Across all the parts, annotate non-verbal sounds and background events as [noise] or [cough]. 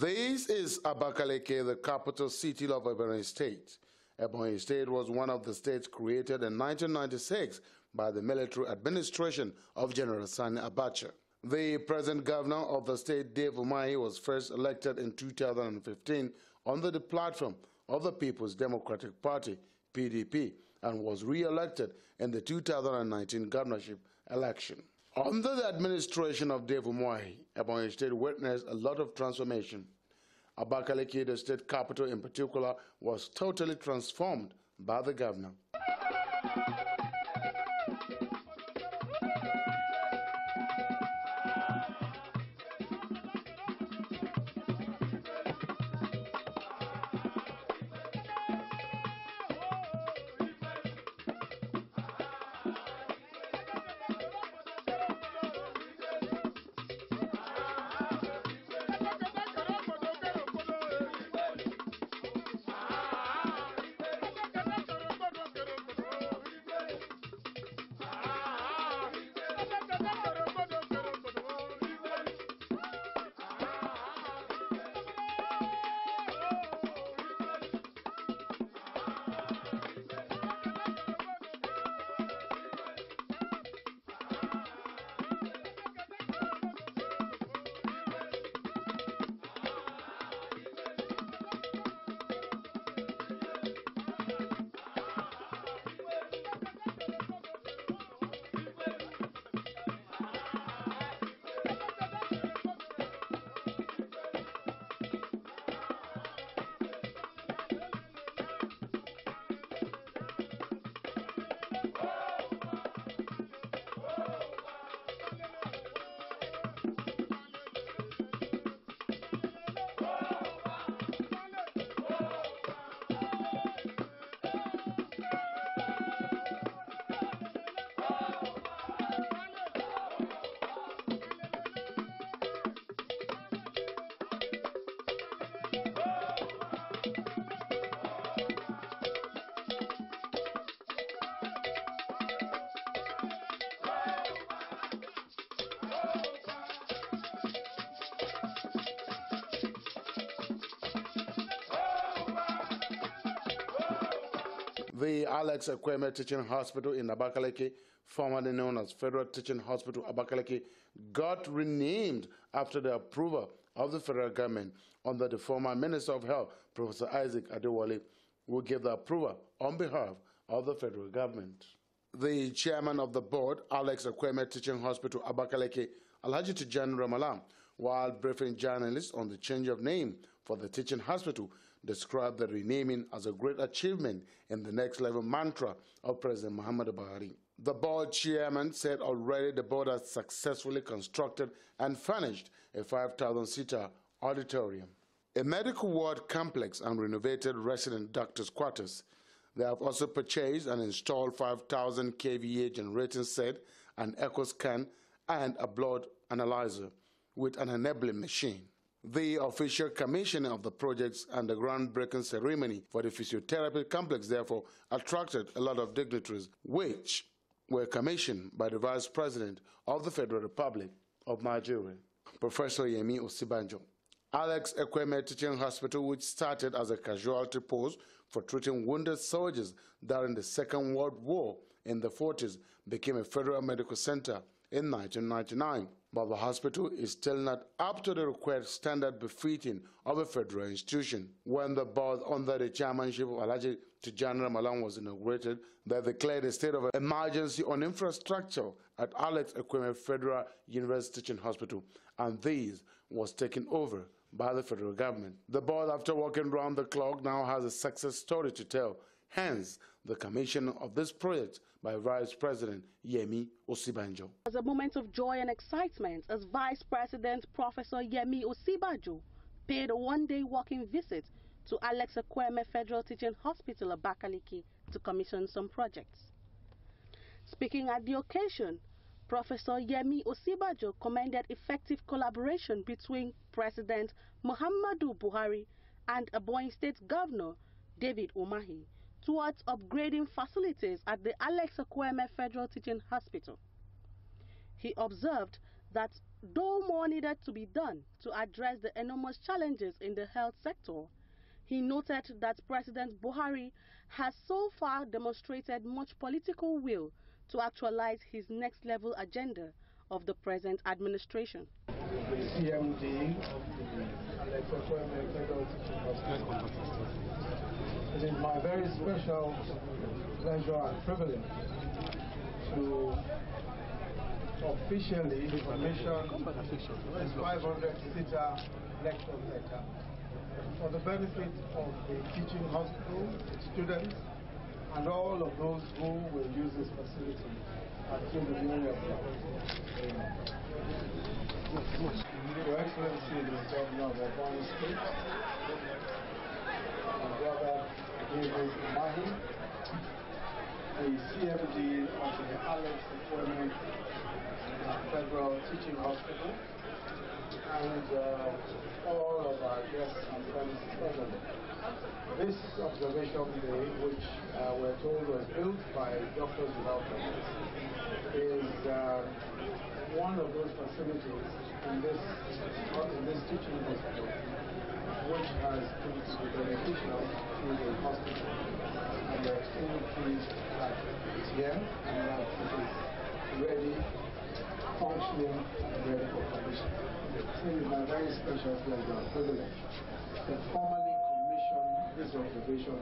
This is Abakaleke, the capital city of Ebonyi State. Ebonyi State was one of the states created in 1996 by the military administration of General Sani Abacha. The present governor of the state, Dave Umahi, was first elected in 2015 under the platform of the People's Democratic Party, PDP, and was re-elected in the 2019 governorship election. Under the administration of Dave Umoy, Ebonyi State witnessed a lot of transformation. Abakaliki, the state capital in particular, was totally transformed by the governor. the Alex Akweme Teaching Hospital in Abakaliki, formerly known as Federal Teaching Hospital Abakaliki, got renamed after the approval of the federal government under the former Minister of Health, Professor Isaac Adewale, who gave the approval on behalf of the federal government. The chairman of the board, Alex Akweme Teaching Hospital Abakaliki, Alhaji Tijan Ramalam, while briefing journalists on the change of name for the teaching hospital, described the renaming as a great achievement in the next level mantra of President Muhammad Buhari. The board chairman said already the board has successfully constructed and furnished a 5,000-seater auditorium, a medical ward complex and renovated resident doctor's quarters. They have also purchased and installed 5,000 kVA generating set, an echo scan, and a blood analyzer with an enabling machine the official commissioning of the projects and the groundbreaking ceremony for the physiotherapy complex therefore attracted a lot of dignitaries, which were commissioned by the Vice President of the Federal Republic of Nigeria, Professor Yemi Osibanjo. Alex Ekweme Teaching Hospital, which started as a casualty post for treating wounded soldiers during the Second World War in the 40s, became a federal medical center in 1999. But the hospital is still not up to the required standard befitting of a federal institution. When the board under the chairmanship of Alaji General Malan was inaugurated, they declared a state of emergency on infrastructure at Alex Aquino Federal University Teaching Hospital, and this was taken over by the federal government. The board, after working round the clock, now has a success story to tell. Hence, the commission of this project by Vice President Yemi Osibanjo. As a moment of joy and excitement as Vice President Professor Yemi Osibanjo paid a one-day walking visit to Alex Akweme Federal Teaching Hospital of Bakaliki to commission some projects. Speaking at the occasion, Professor Yemi Osibajo commended effective collaboration between President Muhammadu Buhari and Aboyne State Governor David Umahi towards upgrading facilities at the Alex Akweme Federal Teaching Hospital. He observed that though more needed to be done to address the enormous challenges in the health sector, he noted that President Buhari has so far demonstrated much political will to actualize his next level agenda of the present administration. CMD and perform It is my very special pleasure and privilege to officially commission this 500-seater lecture theatre for the benefit of the teaching hospital, students, and all of those who will use this facility until the new year. Your uh, Excellency, the Governor of my brother David the of the Alex Federal Teaching Hospital, and uh, all of our guests and friends present. This observation which uh, we're told was built by Doctors Without Borders, is uh, one of those facilities in this, in this teaching hospital, which has proved to be beneficial to the hospital. And we are extremely pleased that it's here and that it is ready, functioning, and ready for commission. it is a very special pleasure privilege to formally commission this observation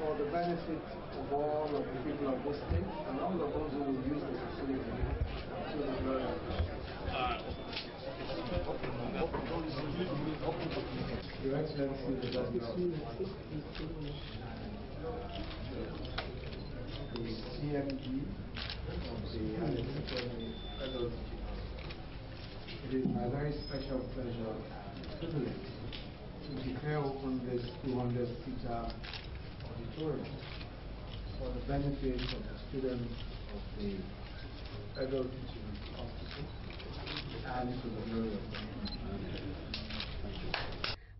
for the benefit of all of the people of this state and all of those who will use the facility to the glory Your Excellency, the the CMD of the Anatomy Fellows. It is my very special pleasure and privilege to declare open this 200-seater for the benefit of the students of the and to the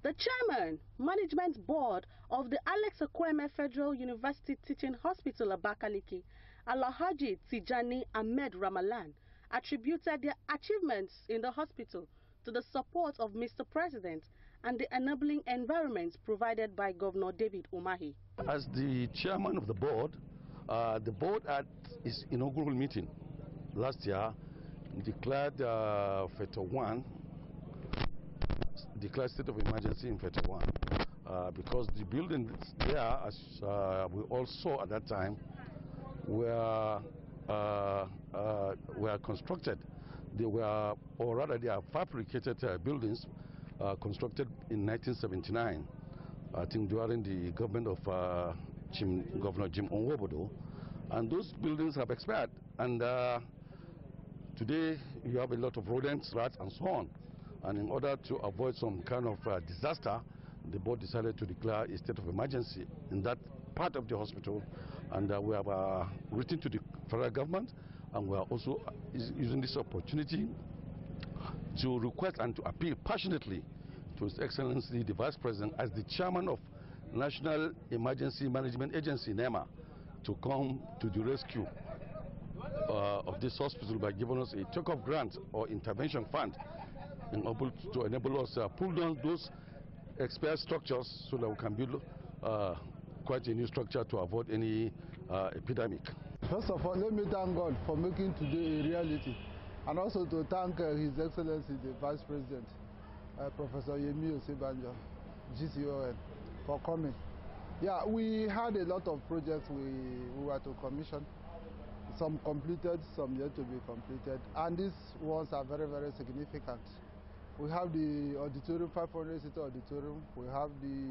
The chairman, management board of the Alex Okweme Federal University Teaching Hospital Abakaliki, Alahaji Tijani Ahmed Ramalan, attributed their achievements in the hospital to the support of Mr. President and the enabling environments provided by Governor David Umahi. As the chairman of the board, uh, the board at its inaugural meeting last year declared uh, FETO 1, declared state of emergency in FETO 1 uh, because the buildings there, as uh, we all saw at that time, were, uh, uh, were constructed. They were, or rather they are fabricated uh, buildings uh, constructed in 1979, I think during the government of uh, Jim, Governor Jim Onwobodo. And those buildings have expired. And uh, today you have a lot of rodents, rats, and so on. And in order to avoid some kind of uh, disaster, the board decided to declare a state of emergency in that part of the hospital. And uh, we have uh, written to the federal government, and we are also using this opportunity to request and to appeal passionately to His Excellency the Vice President as the Chairman of National Emergency Management Agency, NEMA, to come to the rescue uh, of this hospital by giving us a take-off grant or intervention fund in to enable us to uh, pull down those expired structures so that we can build uh, quite a new structure to avoid any uh, epidemic. First of all, let me thank God for making today a reality. and also to thank uh, His Excellency the Vice President, uh, Professor Yemi Osibanjo, GCON, for coming. Yeah, we had a lot of projects we, we were to commission, some completed, some yet to be completed, and these ones are very, very significant. We have the auditorium, 500-seater auditorium, we have the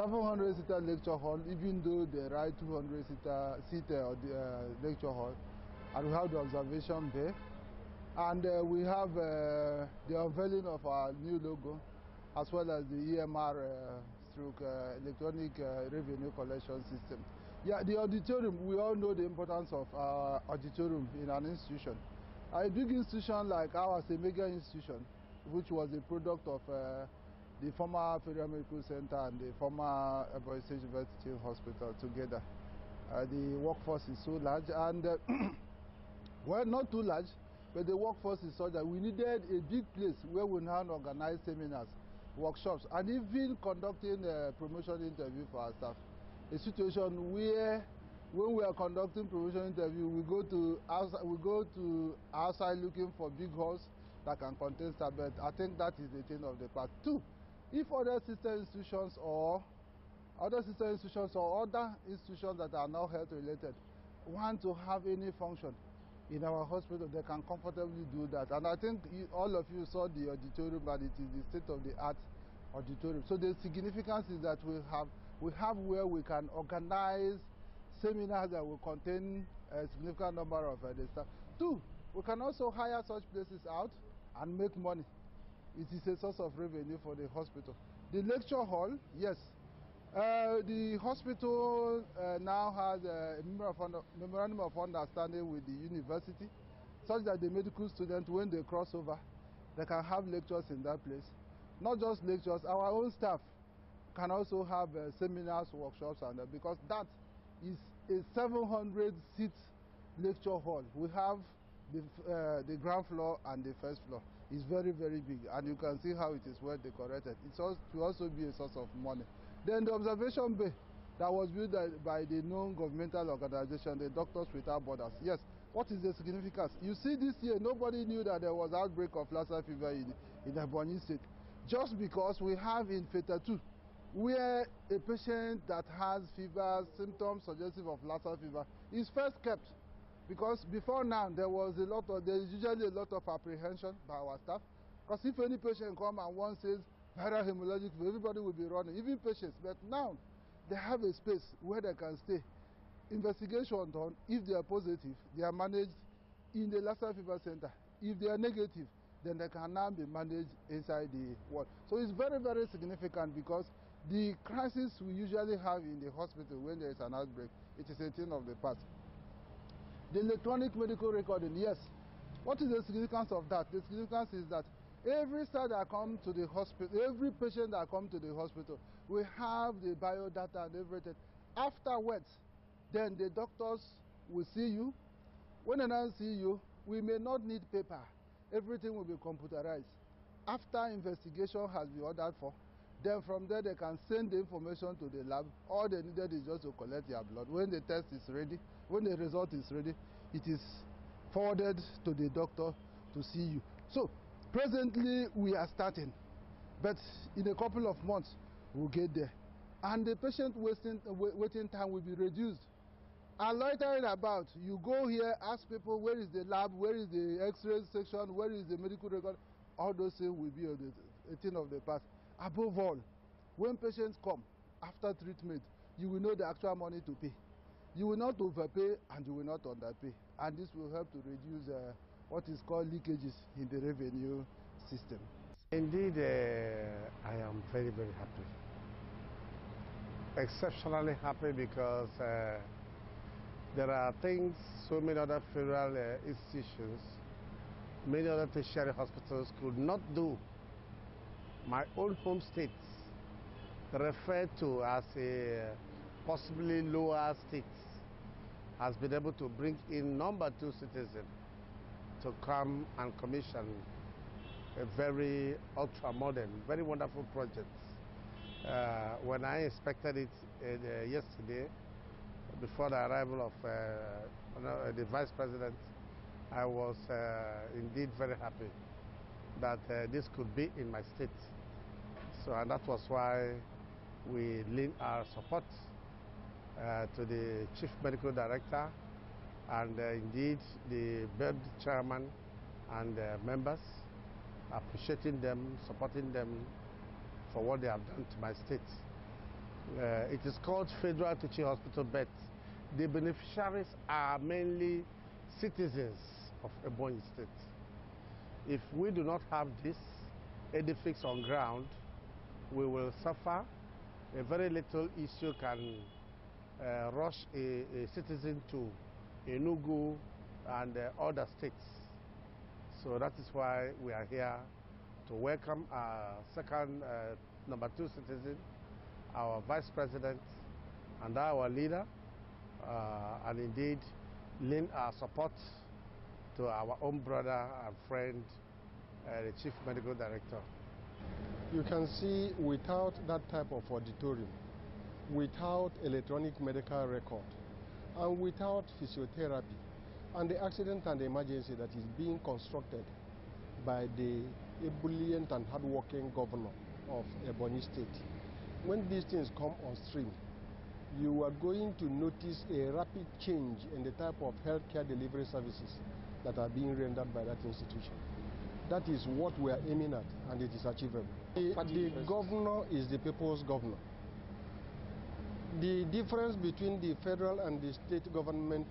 700-seater lecture hall, even though they write 200-seater seater, uh, lecture hall, and we have the observation bay, And uh, we have uh, the unveiling of our new logo, as well as the EMR uh, uh, electronic uh, revenue collection system. Yeah, the auditorium, we all know the importance of our auditorium in an institution. A big institution like ours, a mega institution, which was a product of uh, the former Federal Medical Center and the former Boys State University Hospital together. the workforce is so large and, [coughs] well, not too large, But the workforce is such that we needed a big place where we now organize seminars, workshops, and even conducting a promotion interview for our staff. A situation where when we are conducting promotion interview, we go to outside, we go to outside looking for big halls that can contain staff. But I think that is the thing of the past. Two, if other sister institutions or other sister institutions or other institutions that are now health related want to have any function, in our hospital, they can comfortably do that. And I think all of you saw the auditorium and it is the state-of-the-art auditorium. So the significance is that we have, we have where we can organize seminars that will contain a significant number of uh, the staff. Two, we can also hire such places out and make money. It is a source of revenue for the hospital. The lecture hall, yes, Uh, the hospital uh, now has a memorandum of understanding with the university such that the medical students, when they cross over, they can have lectures in that place. Not just lectures, our own staff can also have uh, seminars, workshops, and uh, because that is a 700-seat lecture hall. We have the, uh, the ground floor and the first floor. It's very, very big, and you can see how it is well decorated. It's also, to also be a source of money. Then the observation bay that was built by the known governmental organization, the Doctors Without Borders. Yes, what is the significance? You see this year, nobody knew that there was outbreak of Lassa fever in, in Ebonyi State. Just because we have in Feta Fetatu, where a patient that has fever, symptoms suggestive of Lassa fever, is first kept. Because before now, there was a lot of, there is usually a lot of apprehension by our staff. Because if any patient come and one says, parahemorrhagic fever, everybody will be running, even patients. But now they have a space where they can stay. Investigation done, if they are positive, they are managed in the Lassa Fever Center. If they are negative, then they can now be managed inside the ward. So it's very, very significant because the crisis we usually have in the hospital when there is an outbreak, it is a thing of the past. The electronic medical recording, yes. What is the significance of that? The significance is that Every star that come to the hospital, every patient that come to the hospital, we have the biodata and everything. Afterwards, then the doctors will see you. When they now see you, we may not need paper. Everything will be computerized. After investigation has been ordered for, then from there they can send the information to the lab. All they needed is just to collect your blood. When the test is ready, when the result is ready, it is forwarded to the doctor to see you. So Presently, we are starting, but in a couple of months, we'll get there. And the patient wasting, uh, waiting time will be reduced. And loitering about, you go here, ask people, where is the lab, where is the x-ray section, where is the medical record, all those things will be a thing of the past. Above all, when patients come after treatment, you will know the actual money to pay. You will not overpay and you will not underpay. And this will help to reduce uh, what is called leakages in the revenue system. Indeed, uh, I am very, very happy. Exceptionally happy because uh, there are things, so many other federal uh, institutions, many other tertiary hospitals could not do. My own home state referred to as a possibly lower state has been able to bring in number two citizens to come and commission a very ultra-modern, very wonderful project. Uh, when I inspected it uh, yesterday, before the arrival of uh, uh the Vice President, I was uh, indeed very happy that uh, this could be in my state. So, and that was why we lent our support to the Chief Medical Director, and uh, indeed, the board chairman and uh, members, appreciating them, supporting them for what they have done to my state. Uh, it is called Federal Teaching Hospital B.E.D. The beneficiaries are mainly citizens of Ebonyi State. If we do not have this edifix on ground, we will suffer. A very little issue can uh, rush a, a citizen to Enugu, and uh, other states. So that is why we are here to welcome our second uh, number two citizen, our vice president, and our leader, uh, and indeed lend our support to our own brother and friend, uh, the chief medical director. You can see without that type of auditorium, without electronic medical record, and uh, without physiotherapy and the accident and emergency that is being constructed by the ebullient and hardworking governor of Ebony State. When these things come on stream, you are going to notice a rapid change in the type of healthcare delivery services that are being rendered by that institution. That is what we are aiming at, and it is achievable. The, the governor is the people's governor. The difference between the federal and the state government,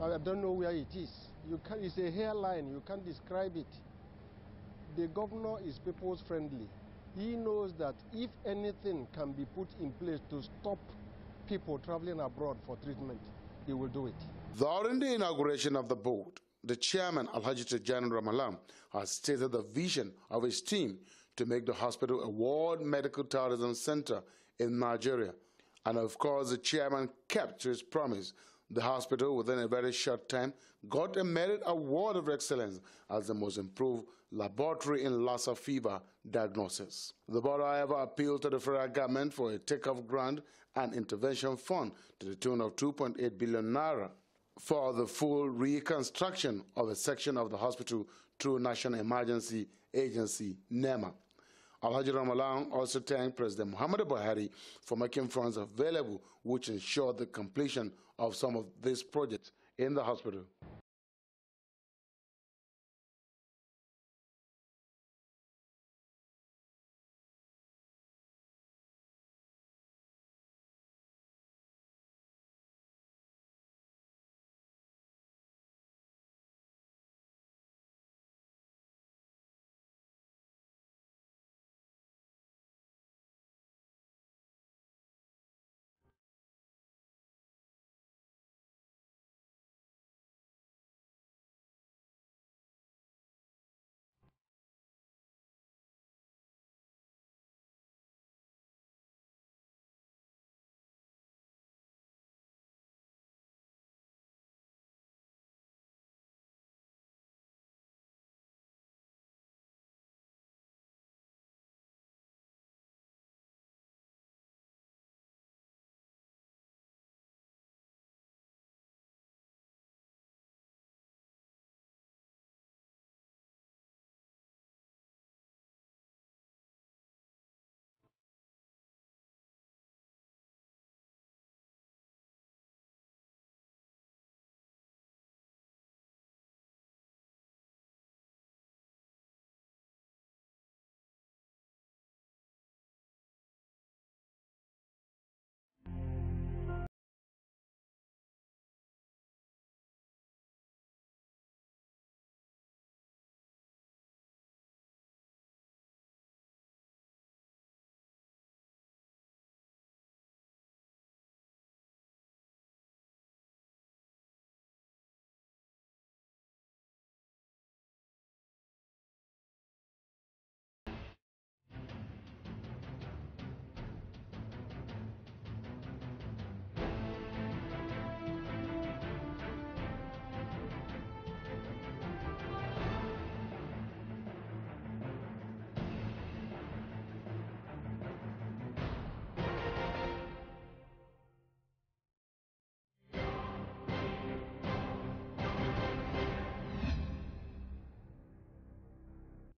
I don't know where it is. You can, it's a hairline, you can't describe it. The governor is people's friendly. He knows that if anything can be put in place to stop people traveling abroad for treatment, he will do it. During the inauguration of the board, the chairman, Alhaji Tejan Ramalam, has stated the vision of his team to make the hospital a world medical tourism center in Nigeria and of course, the chairman kept his promise. The hospital, within a very short time, got a merit award of excellence as the most improved laboratory in Lassa fever diagnosis. The board, however, appealed to the federal government for a take-off grant and intervention fund to the tune of 2.8 billion naira for the full reconstruction of a section of the hospital through National Emergency Agency, NEMA. Alhaji Ramalan also thanked President Muhammad Buhari for making funds available, which ensured the completion of some of these projects in the hospital.